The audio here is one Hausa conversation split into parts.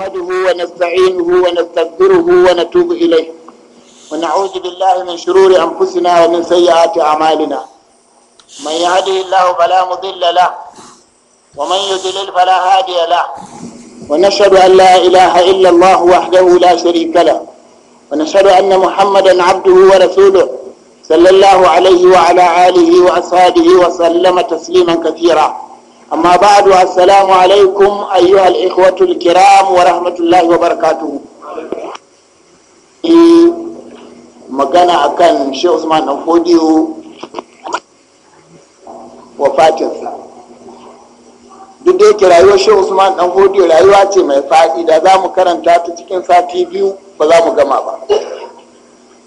نحمده ونستعينه ونستغفره ونتوب إليه ونعوذ بالله من شرور أنفسنا ومن سيئات أعمالنا من يهده الله فلا مضل له ومن يضلل فلا هادي له ونشهد أن لا إله إلا الله وحده لا شريك له ونشهد أن محمدا عبده ورسوله صلى الله عليه وعلى آله وأصحابه وسلم تسليما كثيرا أما بعد السلام عليكم أيها الإخوة الكرام ورحمة الله وبركاته magana akan شيء Usman dan Fodiyo duk da yake rayuwar shi Usman dan hodiyo rayuwa ce mai faɗi da za mu karanta ta cikin sati biyu ba za mu gama ba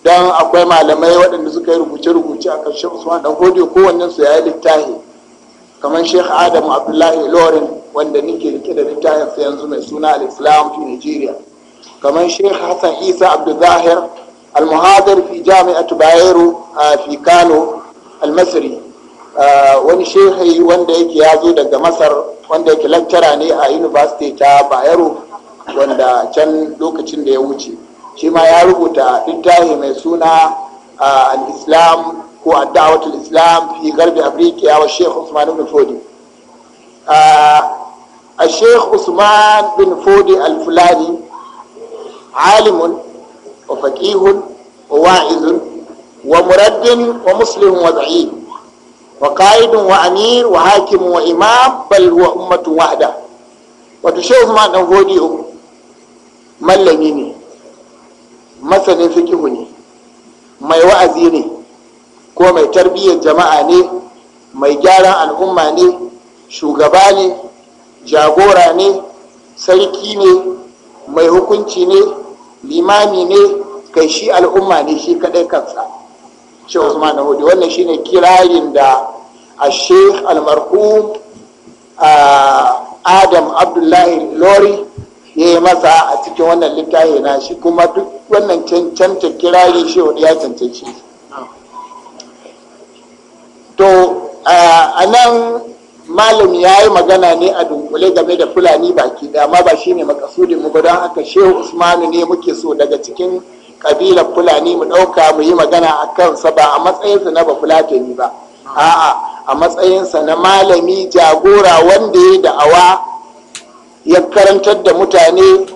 don akwai malamai waɗanda suka yi rubuce-rubuce a kan shi Usman dan hodiyo, kowannensu ya yi littafi kamar sheikh Adamu abdullahi lorin wanda nike rike da littafinsa yanzu mai suna al-islam fi nigeria kamar sheikh hassan isa abdulzahir al-muhadir fi jami'atu bayero fi kano al-masri wani shehi wanda yake ya zo daga masar wanda yake lecturer ne a university ta bayero wanda can lokacin da ya wuce shi ma ya rubuta littafi mai suna al-islam هو الدعوة الإسلام في غرب أفريقيا والشيخ عثمان بن فودي آه الشيخ عثمان بن فودي الفلاني عالم وفقيه وواعظ ومرد ومسلم وزعيم وقائد وأمير وحاكم وإمام بل هو أمة واحدة وتشيخ عثمان بن فودي mallami ne masanin fikihu ne mai wa'azi ne ko mai tarbiyyar jama'a ne mai gyaran al'umma ne shugaba ne jagora ne sarki ne mai hukunci ne limami ne kai shi al'umma ne shi kadai kansa shi usman na hudu wannan shine kirarin da a sheikh almarhu adam abdullahi lori ya yi masa a cikin wannan littafi na shi kuma duk wannan cancanta kirari shi ya cancanci to a nan malam ya yi magana ne a dunkule game da fulani baki da amma ba shine makasudin mu gudan don haka shehu usmanu ne muke so daga cikin kabilar fulani mu ɗauka mu yi magana a kansa ba a matsayinsa na bafulatani ba a'a a matsayinsa na malami jagora wanda ya da'awa ya karantar da mutane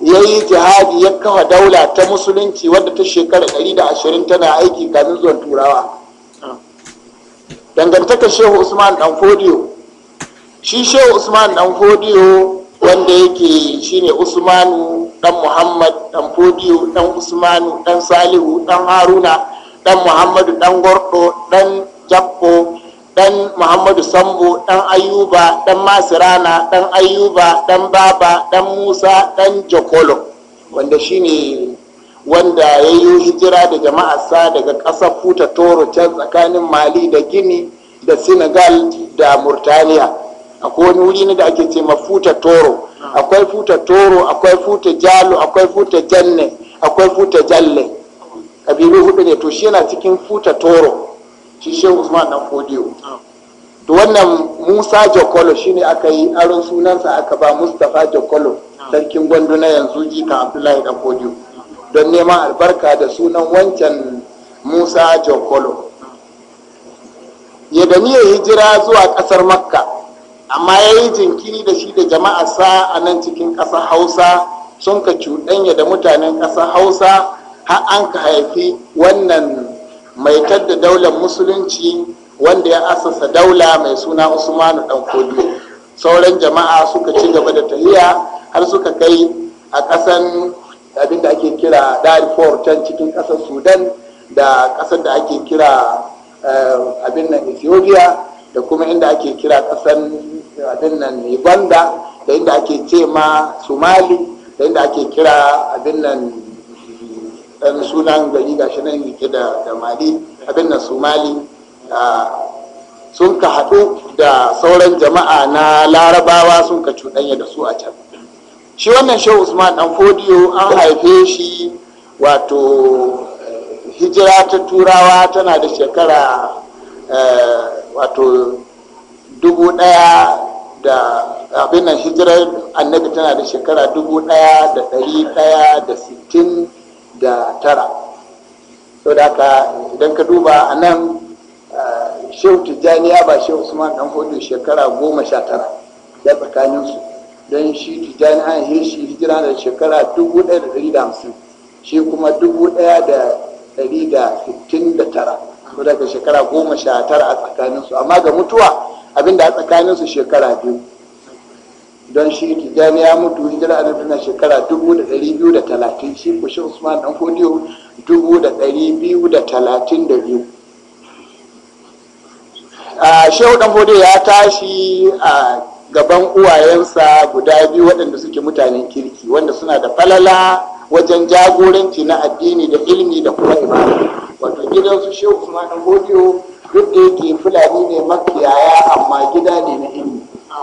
ya yi jihadi ya kafa daula ta musulunci wadda ta shekara 120 tana aiki kamin zuwan turawa Dangantaka shehu usman dan fodiyo shi shehu usman dan fodiyo wanda yake shine usmanu dan muhammad dan fodiyo dan usmanu dan salihu dan haruna dan muhammadu dan gordo dan jappo dan muhammadu sambo dan ayuba dan masirana dan ayuba dan baba dan musa dan jokolo wanda shine wanda ya yi hijira da jama'arsa daga ƙasar futa toro can tsakanin mali da gini da senegal da murtaniya akwai wani wuri ne da ake ce ma futa toro akwai futa toro akwai futa jalo akwai futa janne akwai futa jalle kabilu hudu ne to shi yana cikin futa toro shi shi usman dan kodiyo to wannan musa jokolo ne aka yi aron sunansa aka ba mustapha jokolo sarkin gwandu na yanzu jika abdullahi dan kodiyo don neman albarka da sunan wancan musa jokolo ya da ya hijira zuwa ƙasar makka amma ya yi jinkiri da shi da jama'arsa a nan cikin ƙasar hausa sun ka cuɗanya da mutanen ƙasar hausa har an ka haifi wannan mai tadda daular musulunci wanda ya asasa daula mai suna usmanu dan kodiyo sauran jama'a suka ci gaba da tahiya har suka kai a ƙasan abin da ake kira darfur can cikin kasar sudan da kasar da ake kira eh, abin nan ethiopia da kuma inda ake kira kasar abin nan uganda da inda ake ce ma somali da inda ake kira abin nan dan sunan gari gashi nan yake da mali abin nan somali ah, sun ka haɗu da sauran jama'a na larabawa sun ka cuɗanya da su a can shi wannan shehu usman dan fodiyo an haife shi wato hijira ta turawa tana da shekara eh, wato dubu daya da abin nan hijirar annabi tana da shekara dubu daya da dari daya da sittin da tara sau da haka idan ka duba a nan eh, shehu tijjani ya ba shehu usman dan fodiyo shekara goma sha tara ya tsakaninsu don shi tijjani an yi shi hijira da shekara 1150 shi kuma 1169 ko daga shekara 19 a tsakaninsu amma ga mutuwa abinda a tsakaninsu shekara biyu don shi tijjani ya mutu hijira a na shekara 2230 shi kushin usman dan kodiyo 2232 a shehu dan kodiyo ya tashi a gaban uwayensa guda biyu waɗanda suke mutanen kirki wanda suna da falala wajen jagoranci na addini da ilmi da kuma ibada wato gidansu shehu kuma na godiyo duk da yake fulani ne makiyaya amma gida ne na ilmi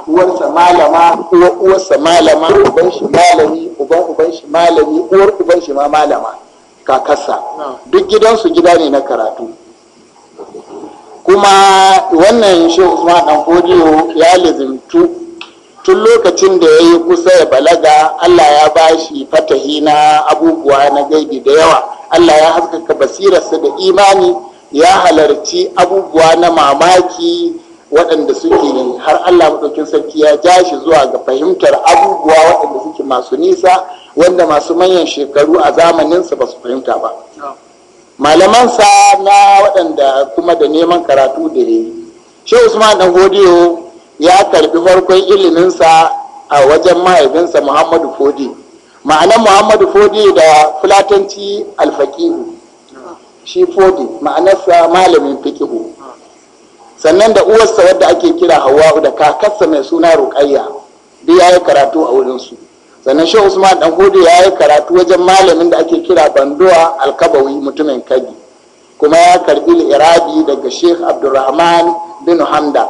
uwarsa malama uwar uwarsa malama uban shi malami uban uban shi malami uwar uban shi ma malama kakarsa duk gidansu gida ne na karatu kuma wannan shi usman dan kodiyo ya lizimtu. tun lokacin da ya yi kusa ya balaga allah ya ba shi fatahi na abubuwa na gaibi da yawa allah ya haskaka basirarsa da imani ya halarci abubuwa na mamaki waɗanda suke har allah maɗaukin sarki ya ja shi zuwa ga fahimtar abubuwa waɗanda suke masu nisa wanda masu manyan shekaru a zamaninsa ba su fahimta ba malaman sa na waɗanda kuma da neman karatu da ne shi usman dan godiyo ya karbi farkon iliminsa a wajen mahaifinsa muhammadu fodi ma'anar muhammadu fodi da fulatanci alfaƙihu shi fodi ma'anarsa malamin fikihu sannan da uwarsa wadda ake kira hawa'u da kakarsa mai suna ruƙayya duk ya yi karatu a wurinsu sannan shehu usman dan hudu ya yi karatu wajen malamin da ake kira banduwa alkabawi mutumin kadi, kuma ya karbi irabi daga sheikh abdulrahman bin hamda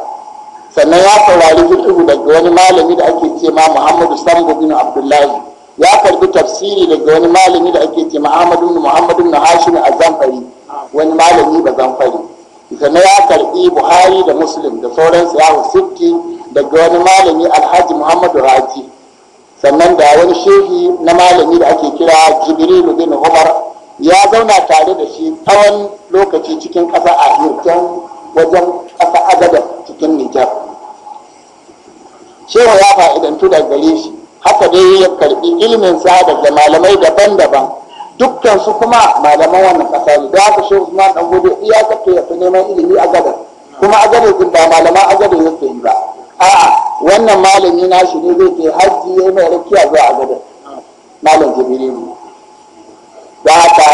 sannan ya saurari fiqhu daga wani malami da ake ce ma muhammadu sambo bin abdullahi ya karbi tafsiri daga wani malami da ake ce muhammadu bin muhammadu bin hashim azamfari wani malami ba zamfari sannan ya karbi buhari da muslim da sauransu ya sitti daga wani malami alhaji muhammadu raji sannan da wani shehi na malami da ake kira jibrilu bin umar ya zauna tare da shi tsawon lokaci cikin ƙasa a hirken wajen ƙasa agada cikin nijar shehu ya fa'idantu da gare shi haka dai ya karbi ilminsa daga malamai daban-daban dukkan su kuma malaman wannan ƙasa ne da haka shehu dan gudu iya kafa ya fi neman ilimi a kuma a gadar ba malaman a yake yi ba a'a wannan malami na shi ne zai ke hajji ya mai rakiya zuwa agadar malam ne da haka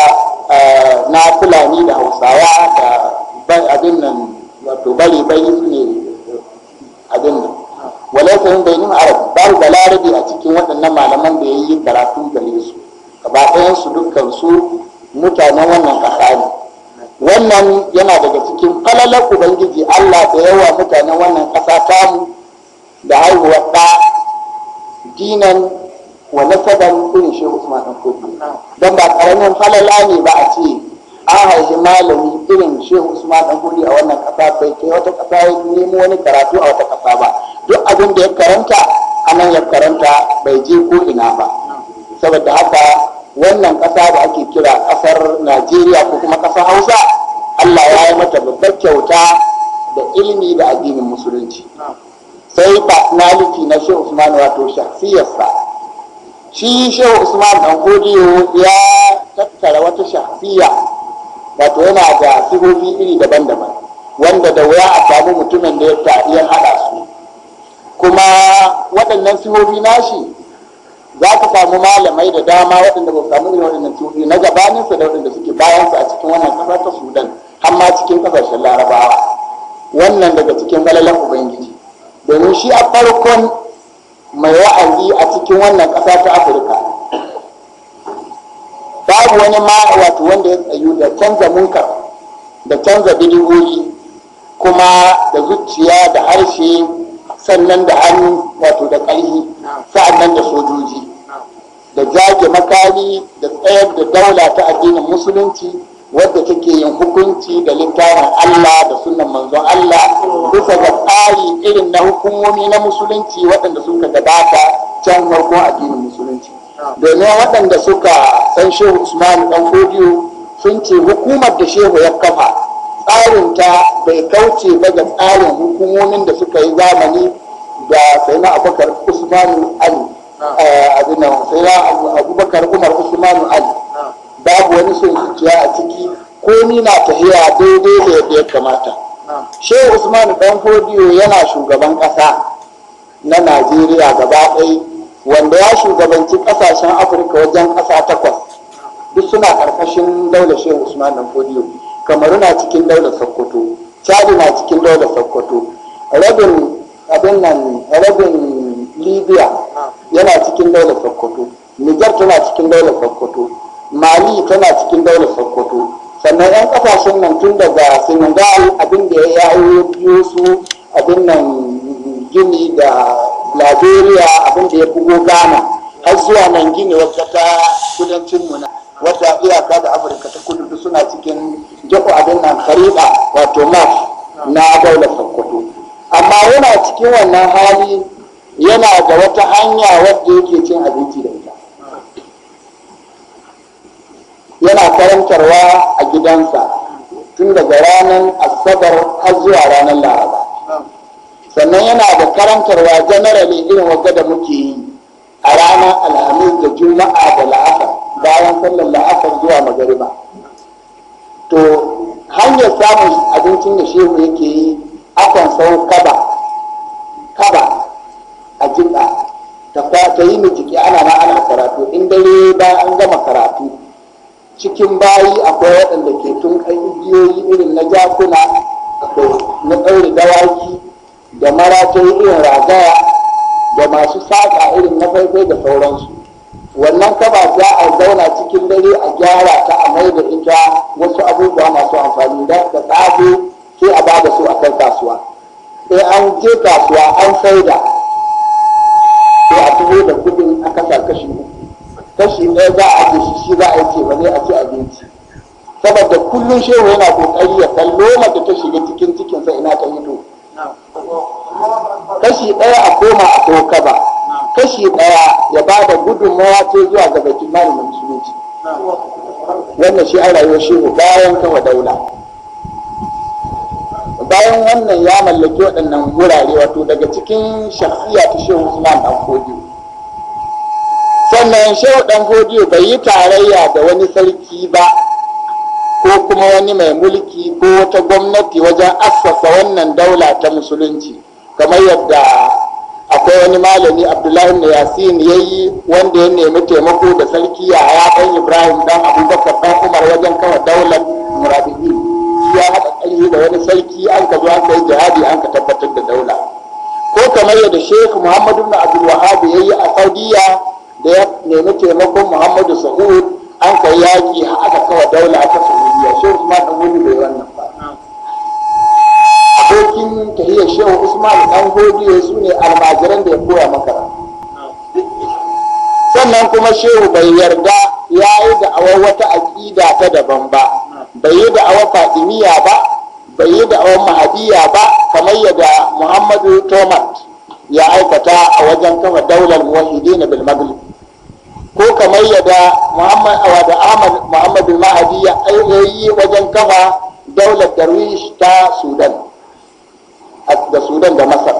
eh, na fulani da hausawa da abin nan wato bari su ne abin nan walai ta yin bayanin arab babu da a cikin waɗannan malaman da ya yi karatun gare su gaba ɗayan su dukkan su mutanen wannan ƙasa ne wannan yana daga cikin falalar ubangiji allah da yawa mutanen wannan ƙasa samu da haihuwar ɗa dinan wa nasaban irin shehu usman dan don ba ƙaramin falala ne ba a ce an haihi malami irin shehu usman dan a wannan kasa bai kai wata kasa ya nemo wani karatu a wata ƙasa ba duk abin da ya karanta a nan ya karanta bai je ko ina ba saboda haka wannan ƙasa da ake kira ƙasar najeriya ko kuma ƙasar hausa Allah ya yi mata babbar kyauta da ilimi da addinin musulunci sai personality na shehu usman wato shafiyarsa shi shehu usman dan godiyo ya tattara wata shafiya, wato yana da sigogi iri daban-daban wanda da wuya a samu mutumin da ya tafiyan haɗa su kuma waɗannan sihohi nashi za ka samu malamai da dama waɗanda ba samu irin waɗannan sihohi na gabaninsa da waɗanda suke bayansa a cikin wannan ƙasa ta sudan amma cikin kasashen larabawa wannan daga cikin falalan ubangiji domin shi a farkon mai wa'azi a cikin wannan ƙasa ta afirka babu wani ma wato wanda ya tsayu da canza munkar da canza bidigogi kuma da zuciya da harshe sannan da hannu wato da ƙarfi sa'annan da sojoji da jage makami da tsayar da daula ta addinin musulunci wadda take yin hukunci da littafin Allah da sunan manzon Allah bisa ga tsari irin na hukumomi na musulunci waɗanda suka gabata can farkon addinin musulunci domin waɗanda suka san shehu usman dan kodiyo sun ce hukumar da shehu ya kafa tsarinta bai kauce ba ga tsarin hukumomin da suka yi zamani da sai na abubakar usman eh, umar usman ali babu wani son zuciya a ciki ko ni na hira daidai da yadda ya kamata shehu usman dan fodiyo yana shugaban ƙasa na najeriya gaba ɗaya wanda ya shugabanci ƙasashen afirka wajen ƙasa takwas duk suna ƙarƙashin daular shehu usman dan fodiyo kamaru na cikin daular sokoto chadi na cikin daular sokoto rabin abin nan rabin libya yana cikin daular sokoto niger tana cikin daular sokoto mali tana cikin daular sokoto sannan yan kasashen nan tun daga senegal abin da ya yi biyo su abin nan gini da liberia abin da ya bugo ghana har zuwa nan gini wata ta kudancin muna wata iyaka da afirka ta kudu suna cikin jako abin nan kariba wato map na daular sokoto amma yana cikin wannan hali yana da wata hanya wadda yake cin abinci da ita yana karantarwa a gidansa tun daga ranar asabar har zuwa ranar laraba sannan yana da karantarwa janarali irin wadda da muke yi a ranar alhamis da juma'a da la'afa bayan sallar la'asar zuwa magariba to hanyar samun abincin da shehu yake yi akan sau kaba cikin bayi akwai waɗanda ke tunkan igiyoyi irin na jakuna na ɗaure dawaki da maratun irin ragaya da masu saƙa irin na faifai da sauransu wannan kaba za a zauna cikin dare a gyara ta a mai da ita wasu abubuwa masu amfani da ta tsago sai a ba da su a kan kasuwa sai an je kasuwa an saida sai a tuho da kudin a kasa kashi uku kashi ɗaya za a ce shi shi za a ce ba ne a ci abinci saboda kullum shehu yana kokari ya kallo mata ta shiga cikin cikinsa ina ta hito kashi ɗaya a koma a sauka ba kashi ɗaya ya ba da gudunmawa ce zuwa ga bakin malamin musulunci wannan shi an rayuwar shehu bayan kawa daula bayan wannan ya mallaki waɗannan wurare wato daga cikin shakhsiya ta shehu usman ɗan kodiyo sannan shehu dan hodiyo bai yi tarayya da wani sarki ba ko kuma wani mai mulki ko wata gwamnati wajen assasa wannan daula ta musulunci kamar yadda akwai wani malami abdullahi na yasin ya yi wanda ya nemi taimako da sarki ya ɗan ibrahim dan abubakar dan umar wajen kawo daular shi ya haɗa ƙarfi da wani sarki an ka zo an ka yi jihadi an ka tabbatar da daula ko kamar yadda shehu muhammadu na abdulwahab ya yi a saudiya da ya nemi taimakon muhammadu sa'ud an kai yaƙi aka kawa daula ta saudiya shehu usman dan gudu bai wannan ba abokin shehu usman dan gudu su ne almajiran da ya koya makara sannan kuma shehu bai yarda ya yi da da'awar wata aƙida ta daban ba bai yi da da'awar fatimiyya ba bai yi da da'awar mahadiya ba kamar yadda muhammadu tomat ya aikata a wajen kama daular muwahidina na maghrib ko kamar yadda muhammad da ahmad muhammad mahadi ya yi wajen kafa daular darwish ta sudan da sudan da masar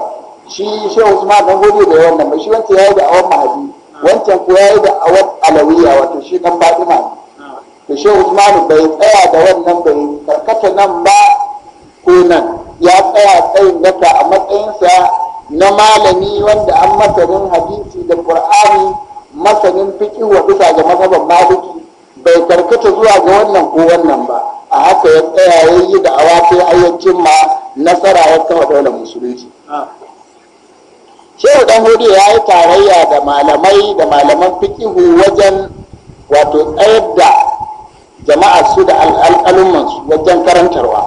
shi shehu usman dan gobe da yawan nan shi wancan yayi da awan mahadi wancan ko yayi da awan alawiya wato shi dan fatima to shehu usman bai tsaya da wannan bai karkata nan ba ko nan ya tsaya tsayin daka a matsayinsa na malami wanda an masarin hadisi da qur'ani masanin fiƙi wa bisa ga mazhaban maliki bai karkata zuwa ga wannan ko wannan ba a haka ya tsaya ya yi da awa sai ma nasara ya kama daular musulunci shehu dan hudu ya yi tarayya da malamai da malaman fiƙihu wajen wato tsayar da jama'ar su da su wajen karantarwa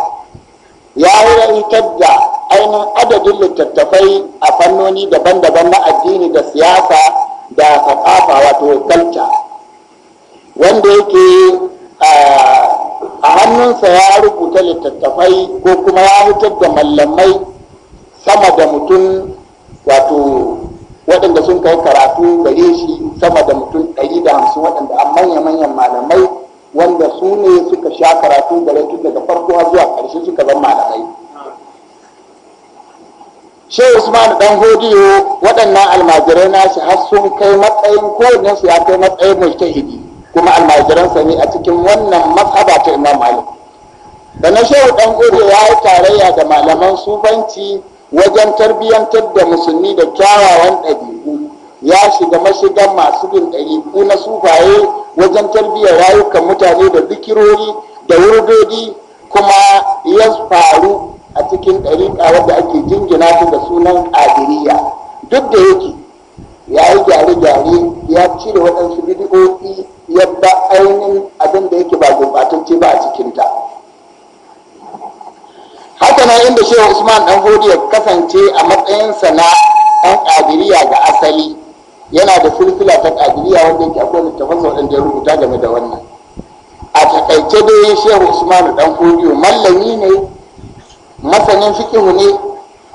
ya yi da ainihin adadin littattafai a fannoni daban-daban na littattafai ko kuma ya fitar da mallamai sama da mutum wato waɗanda sun kai karatu gare shi sama da mutum ɗari da hamsin waɗanda an manya-manyan malamai wanda su ne suka sha karatu gare tun daga farko har zuwa ƙarshe suka zama malamai shehu usman dan hodiyo waɗannan almajirai shi har sun kai matsayin kowanne su ya kai matsayin mujtahidi kuma almajiransa ne a cikin wannan mazhaba ta imam malik na shehu dan gobe ya yi tarayya da malaman sufanci wajen tarbiyyantar da musulmi da kyawawan ɗabi'u ya shiga mashigan masu bin ɗabi'u na sufaye wajen tarbiyyar rayukan mutane da bikirori da wurdodi kuma ya faru a cikin ɗariƙa wadda ake jingina ta da sunan ƙadiriya duk da yake ya yi gyare-gyare ya cire waɗansu bidiyoyi ya ba ainihin abin da yake ba gurɓatacce ba a cikinta haka nan inda shehu usman dan hodi ya kasance a matsayinsa na ɗan ƙadiriya ga asali yana da firfila ta ƙadiriya wanda yake akwai littafansa waɗanda ya rubuta game da wannan a taƙaice dai shehu usman dan hodi mallami ne masanin fikihu ne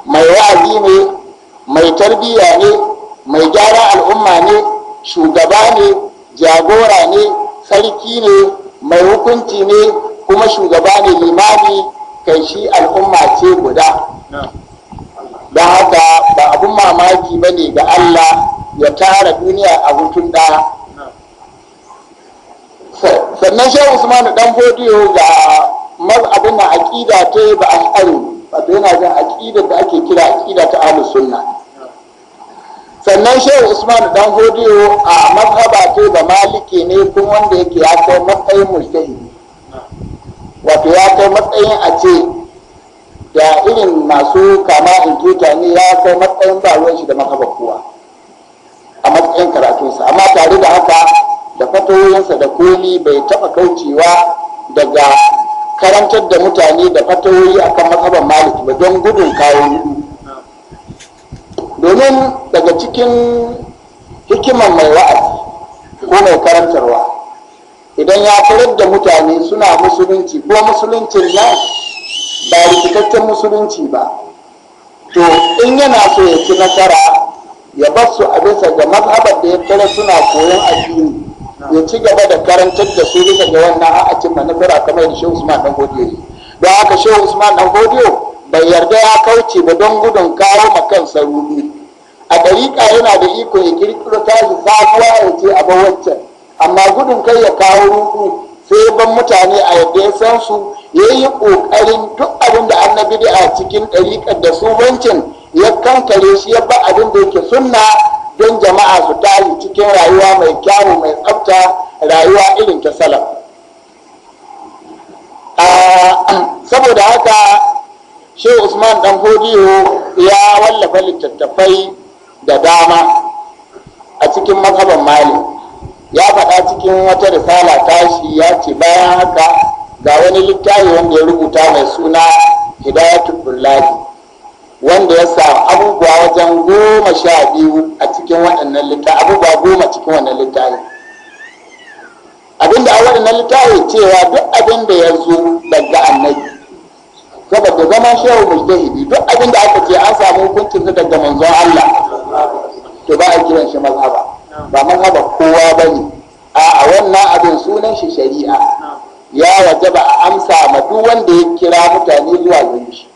mai wa'azi ne mai tarbiyya ne mai gyara al'umma ne shugaba ne jagora ne sarki ne mai hukunci ne kuma shugaba ne limami kai shi al'umma ce guda don haka ba abun mamaki ba ne ga Allah ya tara duniya a hutun ɗaya sannan shi usman dan fodiyo ga abin na aƙida ta ba a ba wato yana jin aƙida da ake kira aƙida ta ahlus sunna sannan shehu usman dan hodiyo a mazhaba ta ba maliki ne kuma wanda yake ya kai matsayin mujtahidi wato ya kai matsayin a ce da irin masu kama in tuta ne ya kai matsayin ba ruwan shi da makabakuwa a matsayin karatunsa amma tare da haka da fatoyinsa da koli bai taɓa kaucewa daga karantar da mutane da a akan mazhaban maliki ba don gudun kawo domin daga cikin hikimar mai wa'azi ko mai karantarwa idan ya farar da mutane suna musulunci ko musuluncin nan ba rikitaccen musulunci ba to in yana so ya ci nasara ya ba su a bisa ga mazhabar da ya tara suna koyon addini ya ci gaba da karantar da su bisa ga wannan a'acin manufara kamar da shehu usman dan godiyo don haka shehu usman dan godiyo bai yarda ya kauce ba don gudun kawo ma kansa rubi a dariƙa yana da iko ya kirkiro tashi sabuwa ya ce a waccan amma gudun kai ya kawo ruku sai ban mutane a yadda ya san su ya yi ƙoƙarin duk abin da annabi da a cikin ɗariƙar da su bancin ya kankare shi ya ba abin da yake sunna don jama'a su tashi cikin rayuwa mai kyawu mai tsafta rayuwa irin ta salaf saboda haka shi usman dan hodiyo ya wallafa littattafai da dama a cikin mazhaban malik ya faɗa cikin wata risala tashi ya ce bayan haka ga wani littafi wanda ya rubuta mai suna hidayatul bullahi wanda ya sa abubuwa wajen goma sha biyu a cikin waɗannan littafi abubuwa goma cikin wannan littafi abinda a waɗannan littafi cewa duk abin da ya zo daga annabi saboda zaman shehu mujtahidi duk abin da aka ce an samu hukuncin daga manzon Allah to ba a kiran shi mazhaba ba mazhaban kowa ba ne a wannan abin sunan shi shari'a ya waje ba a amsa ma duk wanda ya kira mutane zuwa gare shi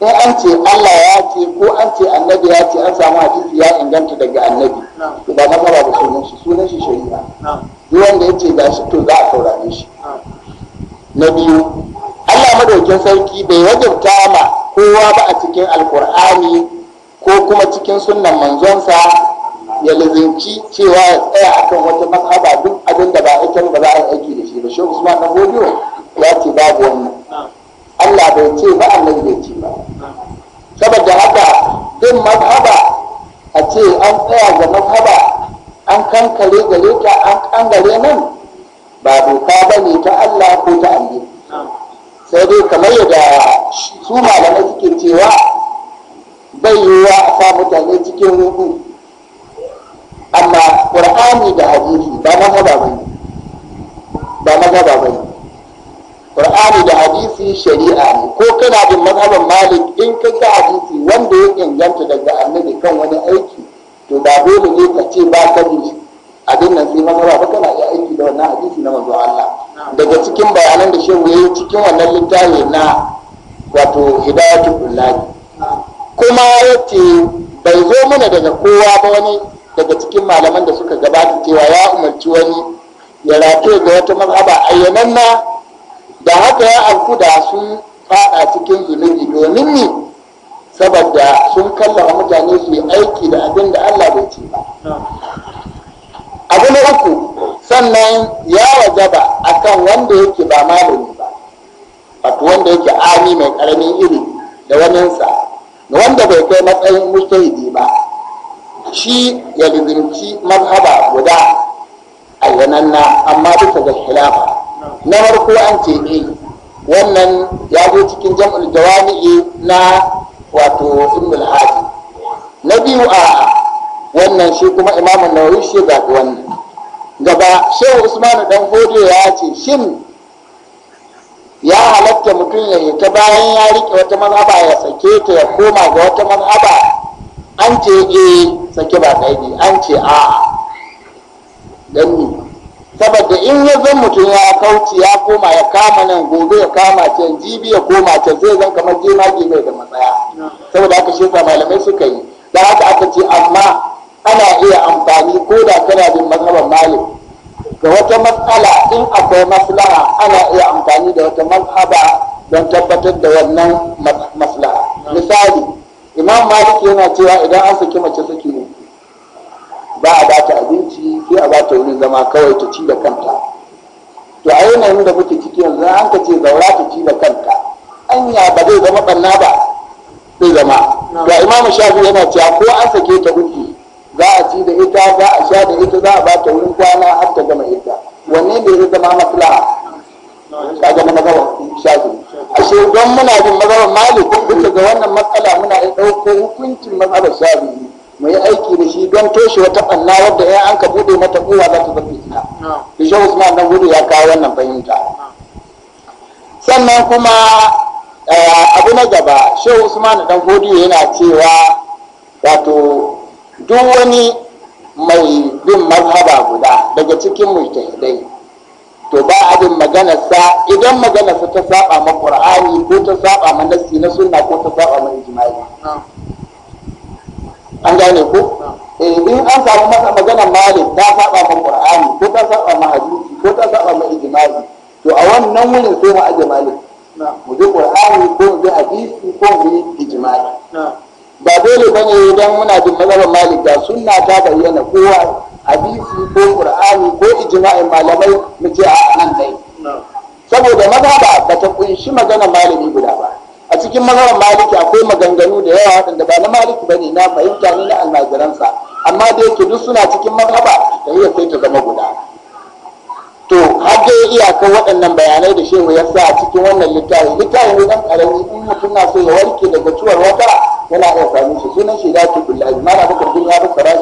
in an ce Allah ya ce ko an ce annabi ya ce an samu hadisi ya inganta daga annabi to ba mazhaba ba sunan shi sunan shi shari'a duk wanda ya ce ga shi to za a saurare shi na biyu Allah madaukin sarki bai wajabta ma kowa ba a cikin alkur'ani ko kuma cikin sunnan manzonsa ya lizinci cewa ya tsaya a kan wata mazhaba duk abin da ba ita ba za a aiki da shi ba shi usman na godiyo ya ce babu wannan allah bai ce ba annabi bai ce ba saboda haka din mazhaba a ce an tsaya ga mazhaba an kankare gare ta an kangare nan ba doka ba ne ta allah ko ta ambe sai dai kamar yadda su malamai suke cewa bai yiwuwa a sa mutane cikin rubu amma qur'ani da hadisi ba ba bane ba ba ne qur'ani da hadisi shari'a ne ko kana bin mazhaban malik in ka ga hadisi wanda ya inganta daga annabi kan wani aiki to ba dole ne ka ce ba ka bi abin nan sai mazhaba ba kana iya aiki da wannan hadisi na manzo Allah daga cikin bayanan da shehu yayi cikin wannan littafi na wato hidayatul kullabi kuma yace bai zo mana daga kowa ba wani daga cikin malaman da suka gabata cewa ya umarci wani ya rataye ga wata mazhaba ayyananna da haka ya alku da sun fada cikin zunubi domin ne saboda sun kallawa mutane su yi aiki da abin da Allah bai ce ba abu na uku sannan ya wajaba akan wanda yake ba malami ba wato wanda yake ami mai karamin iri da waninsa wanda bai kai matsayin mustahidi ba shi ya lizinci mazhaba guda ayyananna amma duka ga khilafa na farko an ce ne eh, wannan ya zo cikin jam'ul jawami'i na wato ibn al-hadi na biyu a wannan shi kuma imamu nawawi shi ga wannan gaba shehu usmanu dan hodiyo ya ce shin ya halatta mutum ya ta bayan ya riƙe wata mazhaba ya sake ta ya koma ga wata mazhaba an ce e sake ba kaidi an ce a danni saboda in ya zan mutum ya kauci ya koma ya kama nan gobe ya kama can jibi ya koma can zai zan kamar jemage mai da matsaya saboda haka shi malamai suka yi da haka aka ce amma ana iya amfani ko da kana bin mazhaban malik ga wata matsala in akwai maslaha ana iya amfani da wata mazhaba don tabbatar da wannan maslaha misali imam maliki yana cewa idan an saki mace saki ne ba a bata abinci sai a bata wurin zama kawai ta ci da kanta to a yanayin da muke ciki yanzu an ka ce zaura ta ci da kanta anya ba zai zama banna ba zai zama to imam shafi yana cewa ko an sake ta uku za a ci da ita za a sha da ita za a bata wurin kwana har ta gama ita wanne ne zai zama maslaha kaga na mazhabar shafi ashe don muna bin mazhabar malik duka ga wannan matsala muna yi ɗauko hukuncin mazhabar shafi mu yi aiki da shi don toshe wata ɓanna wadda ya an ka buɗe mata kowa za ta zafi ita da shi usman dan gudu ya kawo wannan fahimta sannan kuma eh, abu na gaba shehu usman dan gudu yana cewa wato duk wani mai bin mazhaba guda daga cikin mujtahidai to ba abin maganarsa idan maganarsa ta saba ma qur'ani ko ta saba ma nassi na sunna ko ta saba ma ijma'i an gane ko eh, in an samu masa maganar malik ta saba ma qur'ani ko ta saba ma hadisi ko ta saba ma ijma'i to a wannan wurin sai mu aje malik mu ji qur'ani ko mu ji hadisi ko mu ji ijma'i ba dole bane idan muna jin mazhabar malik da sunna ta bayyana kowa hadisi ko qur'ani ko ijma'in malamai mu ce a nan dai saboda mazhaba ba ta kunshi magana malami guda ba a cikin mazhaban maliki akwai maganganu da yawa waɗanda ba na maliki bane na fahimta ne na almajiransa amma da yake duk suna cikin mazhaba da iya kai ta zama guda to har dai iyaka waɗannan bayanai da shehu ya sa a cikin wannan littafi littafin ne dan karami in mutum na so ya warke daga ciwon wata yana iya samun shi sunan shi da ke kullahi mala bakar duniya ba fassara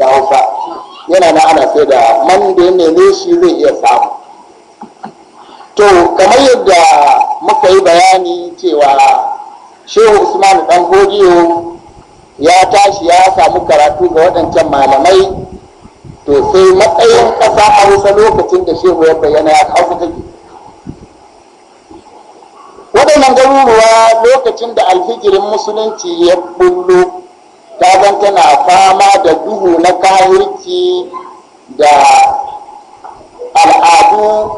da hausa yana na ana sai da man da ya neme shi zai iya samu to kamar yadda muka yi bayani cewa shehu usman dan godiyo ya tashi ya samu karatu ga waɗancan malamai to sai matsayin ƙasa a wasu lokacin da shehu ya bayyana ya kawo take waɗannan garuruwa lokacin da alfijirin musulunci ya bullo ta zan tana fama da duhu na kahirci da al'adu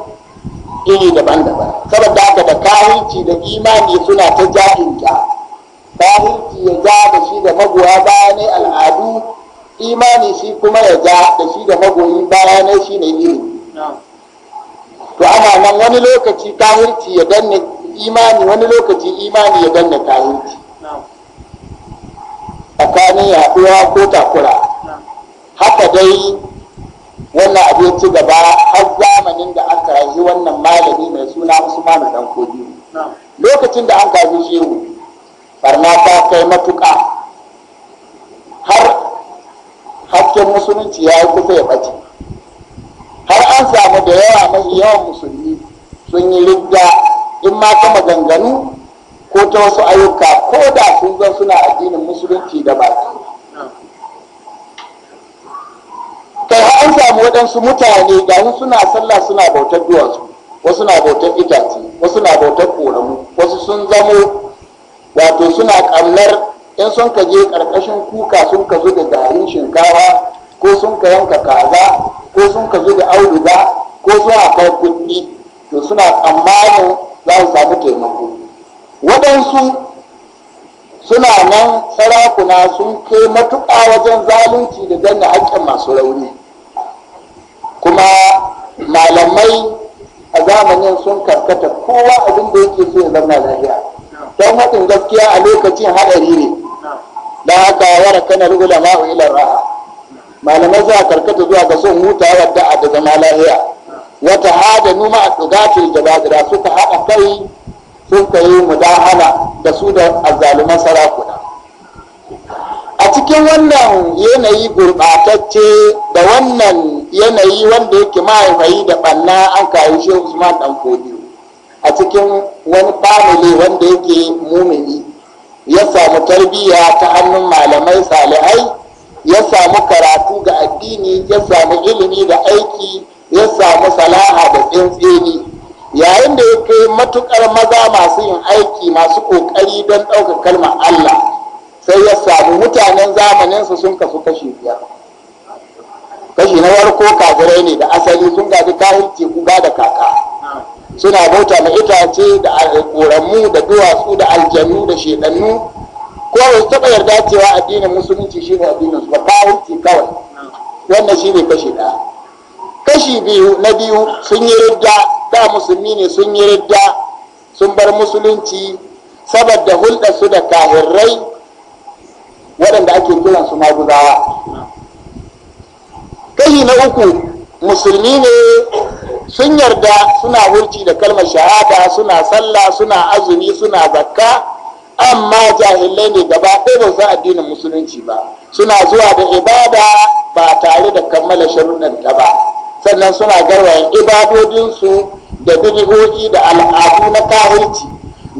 iri daban-daban saboda haka da kahirci da imani suna ta jahinta kahirci ya ja da shi da magoya bayanai al'adu imani shi kuma ya ja da shi da magoyi bayanai shi ne iri to ana nan wani lokaci kahirci ya danne imani wani lokaci imani ya danne kahirci tsakanin yaduwa ko takura haka dai wannan abin ci gaba har zamanin da an karashi wannan malami mai suna usmanu dan kogi lokacin da an kaji shehu barna ta kai matuƙa har hasken musulunci ya yi kusa ya ɓace har an samu da yawa mai yawan musulmi sun yi rigga in ma ta maganganu ko ta wasu ayyuka ko da sun zan suna addinin musulunci da baki kai har an samu waɗansu mutane ga suna sallah suna bautar duwatsu wasu na bautar itace wasu na bautar ƙoramu, wasu sun zamo wato suna ƙamnar in sun ka je ƙarƙashin kuka sun ka da garin shinkawa ko sun ka yanka kaza ko sun ka da auduga ko suna kawo kuɗi to suna tsammanin za su samu taimako waɗansu suna nan sarakuna sun ke matuƙa wajen zalunci da danna haƙƙin masu rauni kuma malamai a zamanin sun karkata kowa abin da yake so ya zama lafiya don haɗin gaskiya a lokacin haɗari ne don haka yara kana rugula ma'u ila ra'a malamai za a karkata zuwa ga son wadda da'a da zama lafiya wata hada numa a tsugatul jabadira suka haɗa kai ka yi mudahala da su da azzaluman sarakuna a cikin wannan yanayi gurɓatacce da wannan yanayi wanda yake mahaifayi da ɓanna an kayi shi usman dan kodiyo a cikin wani famili wanda yake mumini ya samu tarbiyya ta hannun malamai salihai ya samu karatu ga addini ya samu ilimi da aiki ya samu salaha da tsintsini yayin da ya kai matukar maza masu yin aiki masu kokari don ɗaukar kalmar Allah sai ya samu mutanen zamaninsa sun kasu kashi biyar kashi na farko kafirai ne da asali sun gaji ku kuga da kaka suna bauta na itace da ƙoramu da duwatsu da aljanu da shedannu ko ba taɓa yarda cewa addinin musulunci shi ne addinin su ba kahilci kawai wannan shi ne kashi ɗaya kashi biyu na biyu sun yi ridda da musulmi ne sun yi ridda sun bar musulunci saboda hulɗa su da kahirrai waɗanda ake kiran su maguzawa kashi na uku musulmi ne sun yarda suna hurci da kalmar shahada suna sallah suna azumi suna zakka amma jahilai ne gaba ɗaya ba su addinin musulunci ba suna zuwa da ibada ba tare da kammala sharuɗanta ba sannan suna garwayen ibadodinsu da bidigogi da al'adu na kahirci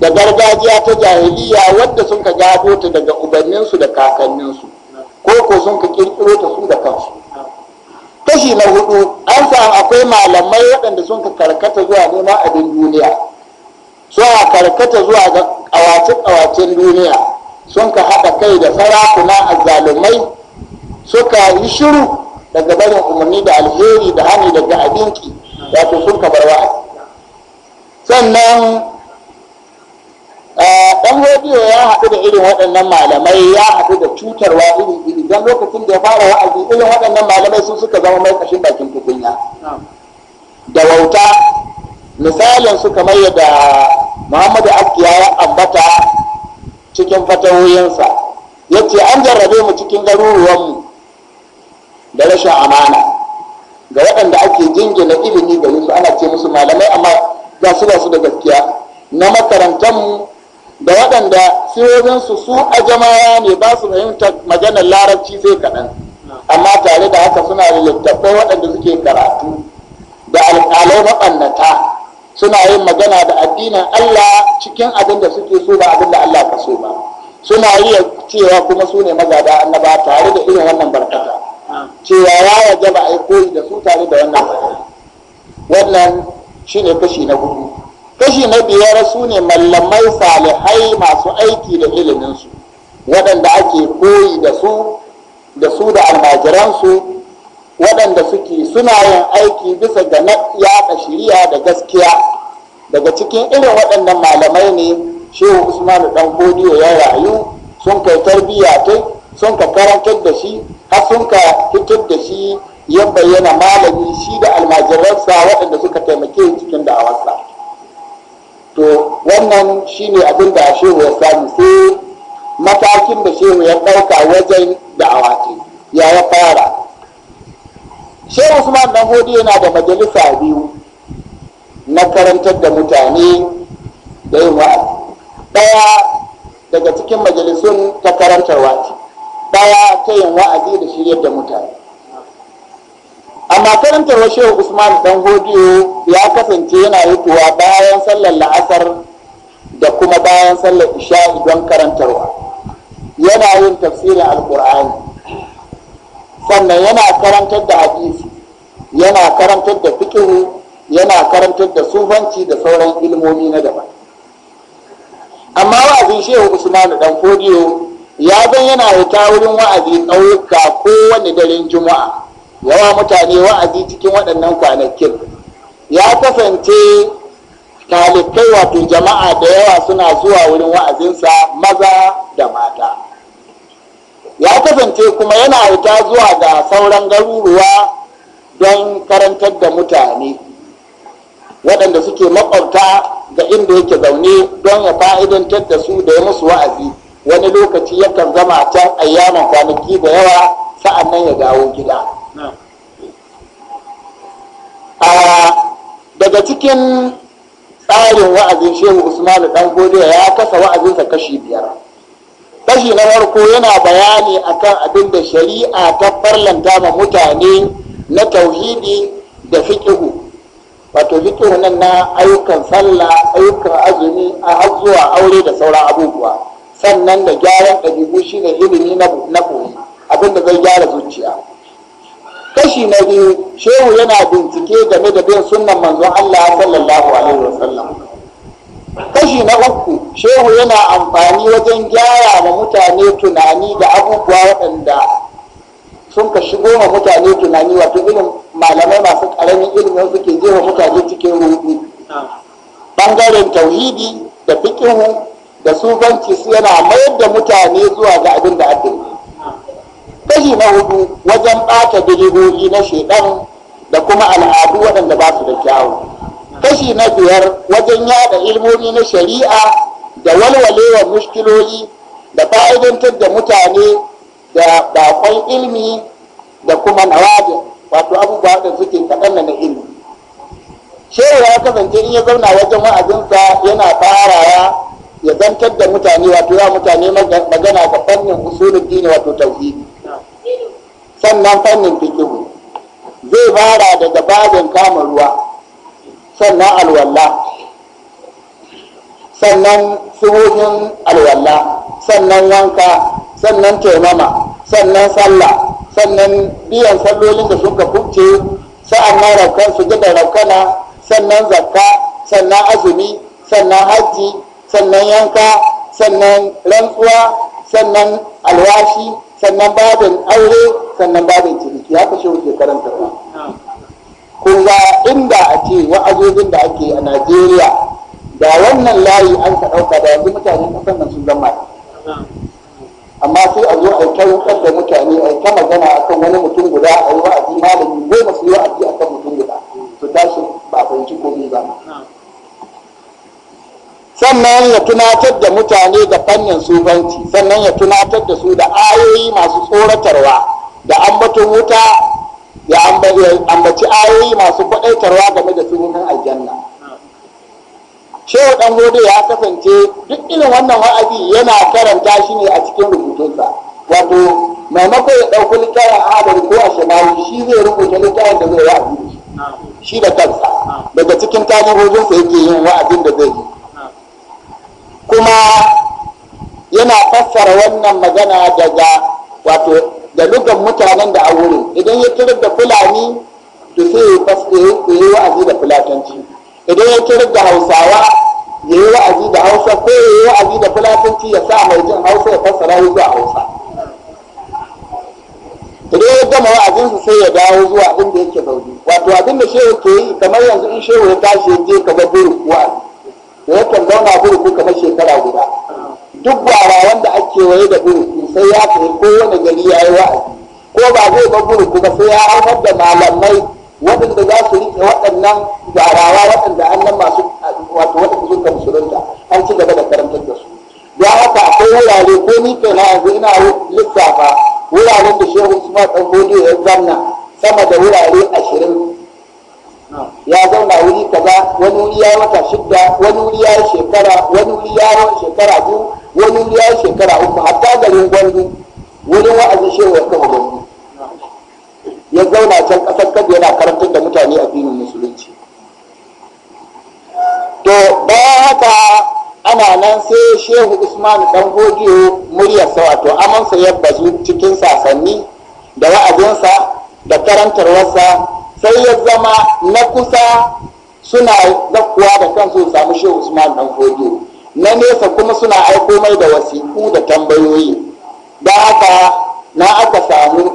da gargajiya ta jahiliya wadda sun ka gado ta daga ubanninsu da kakanninsu ko ko sun ka kirkiro ta su da kansu kashi na hudu an sa akwai malamai waɗanda sun ka karkata zuwa neman abin duniya suna karkata zuwa ga kawace-kawacen duniya sun ka haɗa kai da sarakuna azzalumai suka yi shiru daga barin umarni da alheri da hani daga abinci wato sun kabar wa'azi sannan ɗan rediyo ya haɗu da irin waɗannan malamai ya haɗu da cutarwa irin iri don lokacin da ya fara wa'azi irin waɗannan malamai sun suka zama mai ƙashin bakin tukunya da wauta misalin suka kamar da muhammadu askiya ya ambata cikin fatawoyinsa ya ce an jarrabe mu cikin garuruwanmu da rashin amana ga waɗanda ake jingina ilimi gare su ana ce musu malamai amma ga su ba su da gaskiya na mu da waɗanda siyoyinsu su a jama'a ne ba su fahimtar maganar larabci sai kaɗan amma tare da haka suna da littattafai waɗanda suke karatu da alƙalai maɓannata suna yin magana da addinin Allah cikin abin da suke so ba abin da Allah ka so ba suna iya cewa kuma su ne magada annaba tare da irin wannan barkata cewa ya yaje ba a yi koyi da su tare da wannan wannan shi ne kashi na hudu kashi na biyar su ne mallamai salihai masu aiki da iliminsu waɗanda ake koyi da su da su da almajiransu waɗanda suke suna yin aiki bisa ga na yaɗa shiriya da gaskiya daga cikin irin waɗannan malamai ne shehu usmanu dan godiyo ya rayu sun kai tarbiyya ta sun ka karantar da shi har sun ka fitar da shi ya bayyana malami shi da almajiransa waɗanda suka taimake cikin da'awarsa to wannan shi ne abin da shehu ya samu sai matakin da shehu ya ɗauka wajen da'awa ce ya ya fara shehu usman dan hodi yana da majalisa biyu na karantar da mutane da yin wa'azi ɗaya daga cikin majalisun ta karantarwa ce ɗaya ta yin wa'azi da shirya da mutane amma karantarwa shehu usman ɗan hodiyo ya kasance yana tuwa bayan sallar la'asar da kuma bayan sallar isha'i don karantarwa yana yin tafsirin alkur'ani sannan yana karantar da hadisi yana karantar da fikihu yana karantar da sufanci da sauran ilmomi na daban amma wa'azin shehu usman ɗan hodiyo ya zan yana ta wurin wa'azi ƙauyuka kowane daren juma'a yawa mutane wa'azi cikin waɗannan kwanakin ya kasance talibai wato jama'a da yawa suna zuwa wurin wa'azinsa maza da mata ya kasance kuma yana hita zuwa ga sauran garuruwa don karantar da mutane waɗanda suke makwabta ga inda yake zaune don ya fa'idantar da su da ya musu wa'azi wani lokaci yakan zama a can ayyaman kwanaki da yawa sa'an nan ya dawo gida daga cikin tsarin wa'azin shehu Usman dan godiya ya kasa wa'azinsa kashi biyar kashi na farko yana bayani akan abin da shari'a ta farlanta ma mutane na tauhidi da fiƙihu wato fiƙihu nan na ayyukan sallah ayyukan azumi a har zuwa aure da sauran abubuwa sannan da gyaran ɗabi'u ne ilimi na koyi abinda zai gyara zuciya kashi na biyu shehu yana bincike game da bin sunnan manzon Allah sallallahu alaihi wasallam kashi na uku shehu yana amfani wajen gyara ma mutane tunani da abubuwa waɗanda sun ka shigo ma mutane tunani wato irin malamai masu ƙaramin ilimin suke jefa mutane cikin ruɗu ɓangaren tauhidi da fikihu da sufanci su yana mayar da mutane zuwa ga abin da addini kashi na hudu wajen ɓata direbobi na shaidan da kuma al'adu waɗanda ba su da kyawu kashi na biyar wajen yada ilmomi na shari'a da walwalewar mushkiloli da fa'idantar da mutane da bakon ilmi da kuma nawajin wato abubuwa da suke kaɗan na ilmi shehu ya kasance in ya zauna wajen wa'azinsa yana farawa ya zantar da mutane wato ya mutane magana ga fannin usulun dini wato tauhidi sannan fannin fikihu zai fara daga babin kama ruwa sannan alwallah sannan suhuhin alwallah sannan wanka sannan taimama sannan sallah sannan biyan sallolin da suka kuce sa'an na raukan su gida raukana sannan zakka sannan azumi sannan hajji sannan yanka sannan rantsuwa sannan alwashi sannan babin aure sannan babin ciniki haka shi ke karanta ku kun ga inda a ce wa'azozin da ake a najeriya da wannan layi an ka ɗauka da yanzu mutane kasan nan sun zama amma sai a zo a ta da mutane a ta magana kan wani mutum guda a yi wa'azi malami goma su yi wa'azi a kan mutum guda su tashi ba a fahimci komai ba sannan ya tunatar da mutane da fannin sufanci sannan ya tunatar da su da ayoyi masu tsoratarwa da ambaton wuta ya ambaci ayoyi masu kwadaitarwa game da sunan aljanna shehu dan gode ya kasance duk irin wannan wa'azi yana karanta shi ne a cikin rubutunsa wato maimakon ya ɗauki littafin adar ko a shamawi shi zai rubuta littafin da zai wa'azi shi da kansa daga cikin tarihohinsa yake yin wa'azin da zai yi kuma yana fassara wannan magana daga wato da lugan mutanen da a wurin idan ya kirar da fulani to sai ya fasɗe ya yi wa'azi da fulatanci idan ya kirar da hausawa ya yi wa'azi da hausa ko ya yi wa'azi da fulatanci ya sa mai jin hausa ya fassara ya zuwa hausa idan ya gama wa'azinsu sai ya dawo zuwa inda yake zaune wato abin da shehu ke yi kamar yanzu in shehu ya tashi ya je kaga burin wa'azi da yakan zauna burku kamar shekara guda duk gwara wanda ake waye da burku sai ya kai wani gari ya yi wa'azi ko ba zai ba burku ba sai ya haifar da malamai waɗanda za su riƙe waɗannan gwarawa waɗanda an nan masu wato waɗanda kan musulunta an ci gaba da karantar da su ya haka akwai wurare ko ni kai na yanzu ina lissafa wuraren da shehu usman ɗan ya zanna sama da wurare ashirin ya zauna wuri kaza wani wuri ya wata shidda wani wuri ya yi shekara wani wuri ya yi shekara biyu wani wuri ya yi shekara uku hatta garin gwandu wani wa'azin shehu ya kama gwandu ya zauna can ƙasar kabi yana karantar da mutane a addinin musulunci to bayan haka ana nan sai shehu usman dan gogiyo muryarsa wato amansa ya bazu cikin sasanni da wa'azinsa da karantarwarsa sai ya zama na kusa suna zakkuwa da kansu su samu shehu usman dan fodo na nesa kuma suna aiko mai da wasiku da tambayoyi da haka na aka samu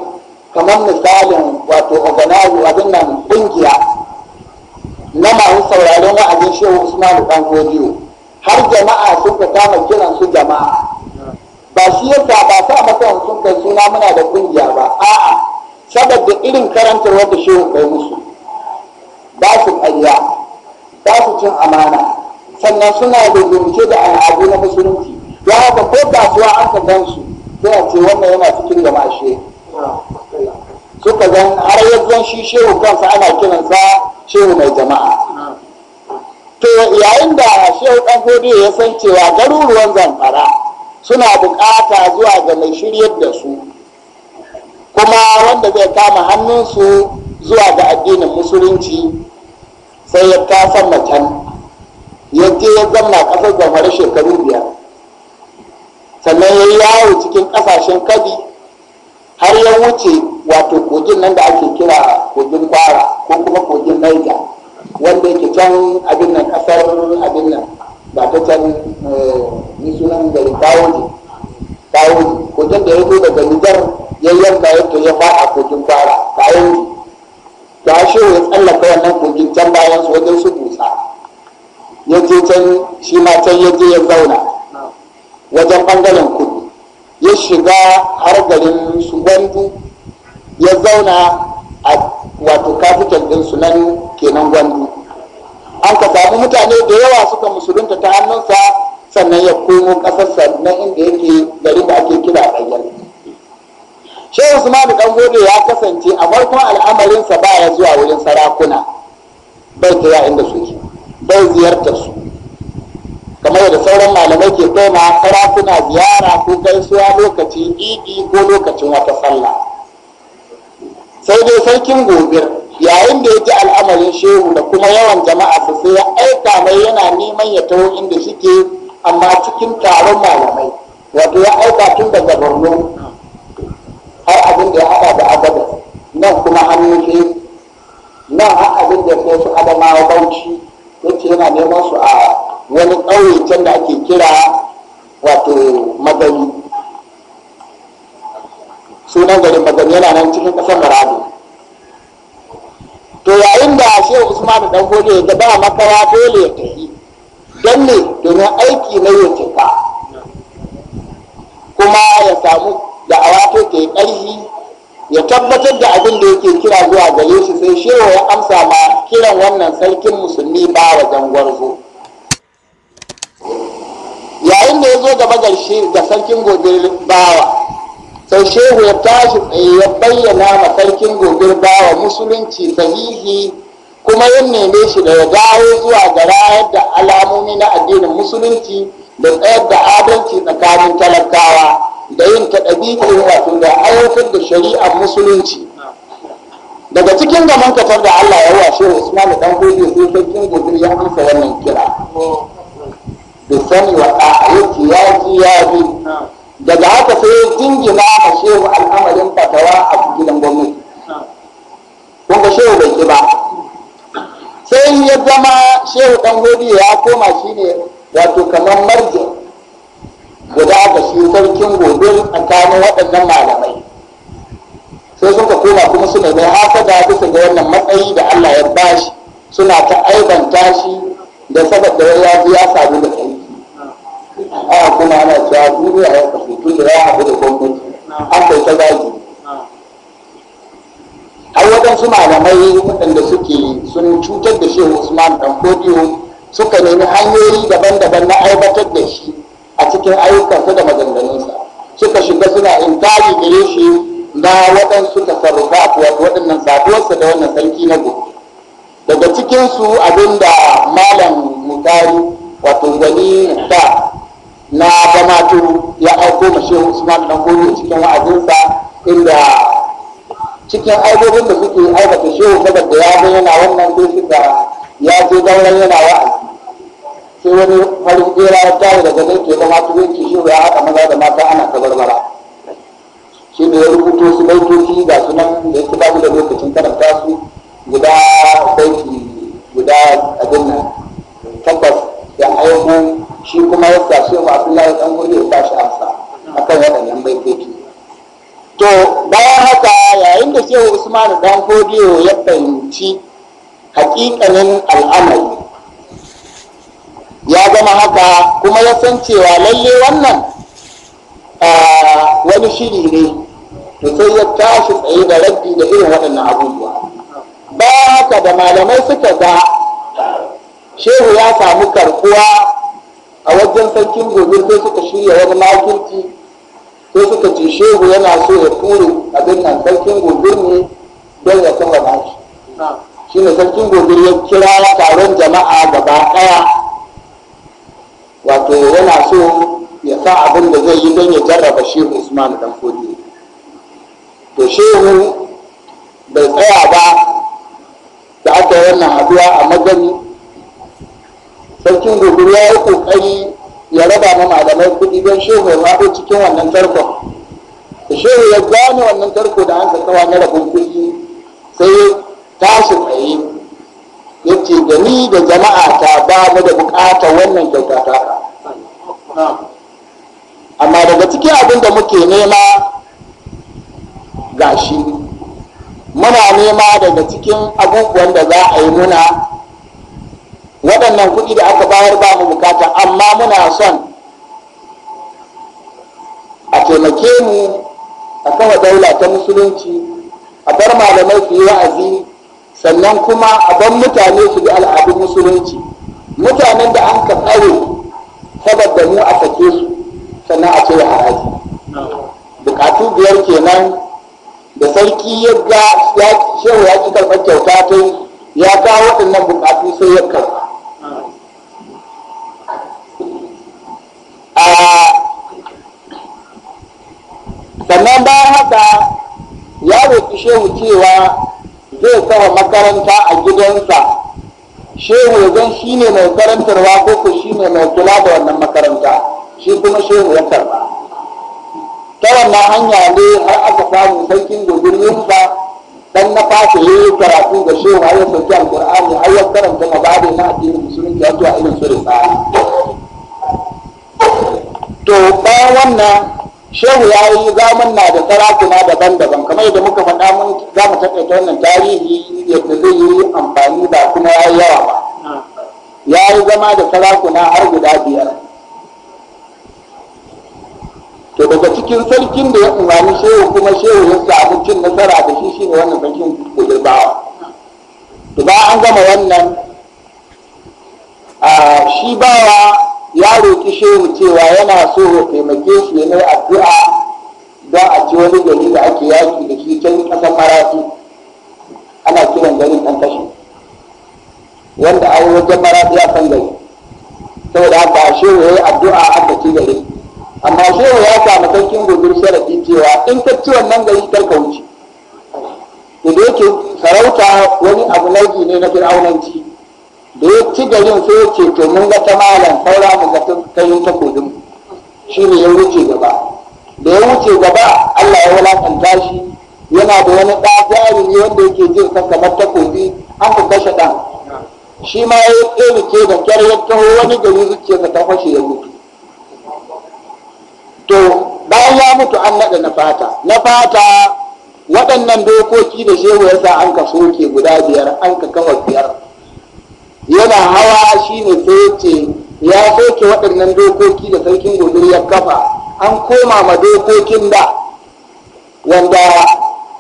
kamar misalin wato organizer abin nan kungiya na masu sauraron wa'azin shehu usman dan fodo har jama'a ka kama kiran su jama'a ba shi yasa ba sa masa sun kai suna muna da kungiya ba a'a saboda irin karantar wata shehu kai musu ba su ƙarya ba su cin amana sannan suna da zumce da al'adu na musulunci ya haka ko kasuwa an ka gan su suna ce wannan yana cikin da mashe suka zan har yanzu shi shehu kansa ana kiransa shehu mai jama'a to yayin da shehu ɗan hudu ya san cewa garuruwan zamfara suna bukata zuwa ga mai shiryar da su kuma wanda zai kama hannunsu zuwa ga addinin musulunci sai ya kasa macen ya je ya zama ƙasar zamfara shekaru biyar sannan ya yawo cikin ƙasashen kadi har ya wuce wato kogin nan da ake kira kogin kwara ko kuma kogin naija wanda yake can abin nan ƙasar abin nan ba ta can eh, ni sunan gari ne kogin da ya zo daga nijar ya yamma yake ya ba a kogin bara bayan ya shi ya tsallaka wannan kogin can bayan su wajen su busa ya je can shi ma can ya je ya zauna wajen bangaren kudu ya shiga har garin su gwandu ya zauna a wato kafitan din su nan kenan gwandu an ka samu mutane da yawa suka musulunta ta hannunsa sannan ya komo ƙasarsa na inda yake garin da ake kira bayyana shehu usman dan gode ya kasance a farkon al'amarinsa baya zuwa wurin sarakuna bai ta inda suke bai ziyartar su kamar da sauran malamai ke kai ma sarakuna ziyara ko gaisuwa lokacin idi ko lokacin wata sallah sai dai sarkin gobir yayin da ya ji al'amarin shehu da kuma yawan jama'a su sai ya aika mai yana neman ya taho inda shike amma cikin taron malamai wato ya aika tun daga borno har abin da ya haɗa da agada nan kuma hannu shi nan har abin da sai su adamawa bauchi ce yana neman su a wani ƙauye can da ake kira wato magani sunan garin magani yana nan cikin ƙasar maradu to yayin da shehu usman da gode ya ba makara dole ya tafi don ne domin aiki na yau cika kuma ya samu da awato ta yi ƙarfi ya tabbatar da abin da yake kira zuwa gare shi sai shewa ya amsa ma kiran wannan sarkin musulmi ba wajen zo yayin da ya zo gaba da sarkin gobir bawa sai shehu ya tashi tsaye ya bayyana ma sarkin gobir bawa musulunci sahihi kuma ya neme shi da ya dawo zuwa ga rayar da alamomi na addinin musulunci da tsayar da adalci tsakanin talakawa da yin ta ɗabi'in wato da aiwatar da shari'ar musulunci daga cikin gaman kafar da Allah ya washe Usman dan gobe sai bakin gobe ya amsa wannan kira da sani wa ayyuki ya ji ya ji daga haka sai ya jingina a shehu al'amarin fatawa a cikin gwamnati kun ga shehu bai ki ba sai ya zama shehu dan gobe ya koma shine wato kamar marjin guda da shi sarkin gobe kano waɗannan malamai sai suka koma kuma suna mai haka da bisa ga wannan matsayi da Allah ya bashi suna ta aibanta shi da saboda ya ji ya sami da sarki a kuma ana cewa duniya ya kafi tun da ya haɗu da gwamnati an kai ta zagi har waɗansu malamai waɗanda suke sun cutar da shehu usman dan suka nemi hanyoyi daban-daban na aibatar da shi a cikin ayyukansa da maganganunsa suka shiga suna inkari gare shi na waɗansu tasarrufa wato waɗannan saduwarsa da wannan sarki na gobe daga cikinsu abinda malam mutari wato gani ta na gamatu ya auko ma shehu usman dan gobe cikin wa'azinsa inda cikin aibobin da suke aikata shehu saboda ya ga yana wannan dai suka ya je dauran yana wa'azi sai wani farin bera ya tare daga nan ke zama turanci shi ya haka maza da mata ana tabarbara shi ne ya rubuto su baitoci ga su nan da yake babu da lokacin karanta su guda baiti guda a nan tabbas da ainihin shi kuma ya sa shehu abdullahi dan gobe ya tashi amsa akan waɗannan baitoci to bayan haka yayin da shehu usman dan gobe ya fahimci hakikanin al'amari ya zama haka kuma ya san cewa lalle wannan wani shiri ne to sai ya tashi tsaye da rabbi da irin waɗannan abubuwa ba haka da malamai suka ga shehu ya samu karkuwa a wajen sarkin gobe sai suka shirya wani makirci sai suka ce shehu yana so ya ture abin nan sarkin gobe ne don ya kuma ba shi shi ne sarkin gobe ya kira taron jama'a gaba ɗaya wato yana so ya sa abin da zai yi don ya jarraba shehu usman dan kodi to shehu bai tsaya ba da aka wannan haduwa a magani sarkin gobir ya yi kokari ya raba na malamai kuɗi don shehu ya zaɓo cikin wannan tarkon da shehu ya gane wannan tarko da an sakawa na rabin kudi sai ya tashi tsaye yace da ni da jama'a ta ba mu da bukatar wannan kyauta ta amma daga cikin abin da muke nema gashi muna nema daga cikin abubuwan da za a yi muna waɗannan kuɗi da aka bayar ba mu bukata amma muna son a taimake mu a kama daula ta musulunci a bar malamai su yi wa'azi sannan kuma a bar mutane su bi al'adun musulunci mutanen da an ka tsaye da mu a sake su sannan a cire haraji bukatu biyar kenan da sarki ya ga ya shehu ya ki karɓar kyauta ta ya kawo waɗannan bukatu sai ya karɓa sannan bayan haka ya roƙi shehu cewa zai kawo makaranta a gidansa shehu ya shi ne mai karantarwa ko ko shi ne mai kula da wannan makaranta shi kuma shehu ya karba ta wannan hanya ne har aka samu sarkin gudurinsa dan na fashe ya yi karatu da shehu har ya sauki alkur'ani har ya karanta mabadi na addinin musulunci ya zuwa irin su da to bayan wannan shehu ya yi zamun na da sarakuna daban-daban kamar yadda muka faɗa mun za mu taƙaita wannan tarihi yadda zai yi amfani ba kuma ya yi yawa ba ya yi zama da sarakuna har guda biyar to daga cikin sarkin da ya umarni shehu kuma shehu ya samu cin nasara da shi shine wannan sarkin bawa. to ba an gama wannan shi bawa ya roƙi shehu cewa yana so ya taimake shi ya mai addu'a don a ci wani gari da ake yaƙi da shi can ƙasar maratu ana kiran garin ɗan kashe wanda an wajen maratu ya san gari saboda haka shehu ya yi addu'a aka ci gari amma shehu ya samu sarkin gobir sharaɗi cewa in ka ci wannan gari kar ka wuce da yake sarauta wani abu laifi ne na fir'aunanci da ya ci garin sai ya ce to mun ga ta malam saura mu ga ta yin ta kodin shi ne ya wuce gaba da ya wuce gaba Allah ya wulakanta shi yana da wani ɗa ne wanda yake jin sa kamar takobi an ku kashe ɗan shi ma ya tsirike da kyar ya taho wani gari ka ta fashe ya mutu to bayan ya mutu an naɗa na fata na fata waɗannan dokoki da shehu ya sa an ka soke guda biyar an ka kawar biyar yana hawa shine ne ya ce ya soke waɗannan dokoki da sarkin gobe ya kafa an koma ma dokokin da wanda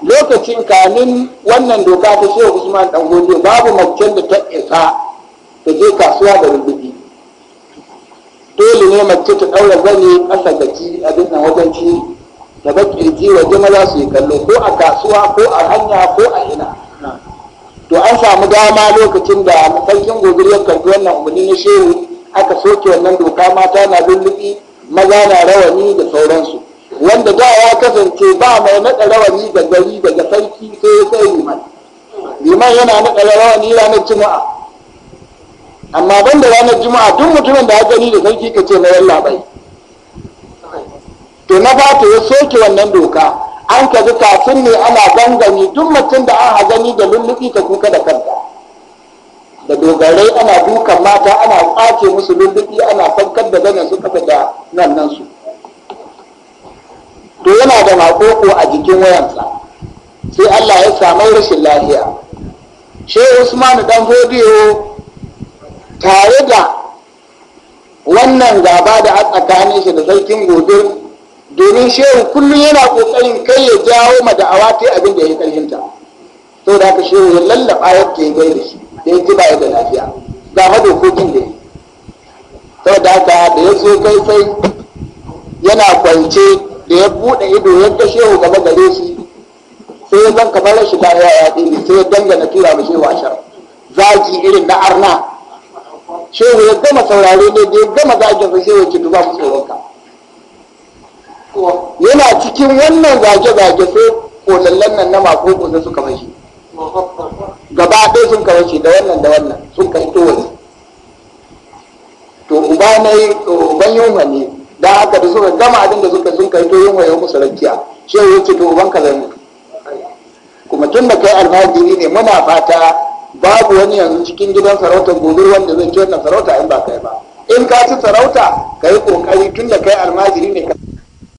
lokacin kamin wannan doka ta shehu usman dangote babu macen da ta isa ta je kasuwa da rubuɗi dole ne mace ta ɗaura zane ƙasa gaci a bisa wajen da bakirji waje maza su yi kallo ko a kasuwa ko a hanya ko a ina to an samu dama lokacin da mafarkin gobir ya karbi wannan umarni na shehu aka soke wannan doka mata na lullubi maza na rawani da sauransu wanda da ya kasance ba mai naɗa rawani da gari daga sarki sai ya sai liman liman yana naɗa rawani ranar juma'a amma ban da ranar juma'a duk mutumin da ya gani da sarki ka ce na yalla bai to na fata ya soke wannan doka an ka ji kafin ne ana ba lullubi duk mutum da aka gani da lullubi ta kuka da kanta da dogarai ana dukan mata ana kwace musu lullubi ana fankar da ganin su kafa da nan nan su to yana da makoko a jikin wayansa sai Allah ya samu rashin lafiya she Usman dan hodiyo tare da wannan gaba da a tsakanin shi da sarkin gobe. domin shehu kullum yana kokarin kai ya jawo ma da'awa ta abin da ya karfin ta to da haka shehu ya lallaba yadda ya gaida shi da ya ji baya da lafiya ga madokokin da ya yi da haka da ya zo kai kai yana kwance da ya bude ido ya ga shehu gaba gare shi sai ya zan kamar rashin lafiya ya ne sai ya dangana tura ma shehu ashar zaki irin na arna shehu ya gama saurare ne da ya gama zagin sa shehu ya ce to ba mu tsoronka. yana cikin wannan zage-zage ko kolallen nan na mako kusa suka mashi gaba ɗaya sun ka kawace da wannan da wannan sun ka fito wani to uba na yi uban yunwa ne da aka da suka gama abin da suka sun kai to yunwa ya musu rakiya shi ya wuce to uban ka zai kuma tun da kai alfahari ne muna fata babu wani yanzu cikin gidan sarauta gobe wanda zai ci wannan sarauta in ba kai ba in ka ci sarauta ka yi kokari tun da kai almajiri ne ka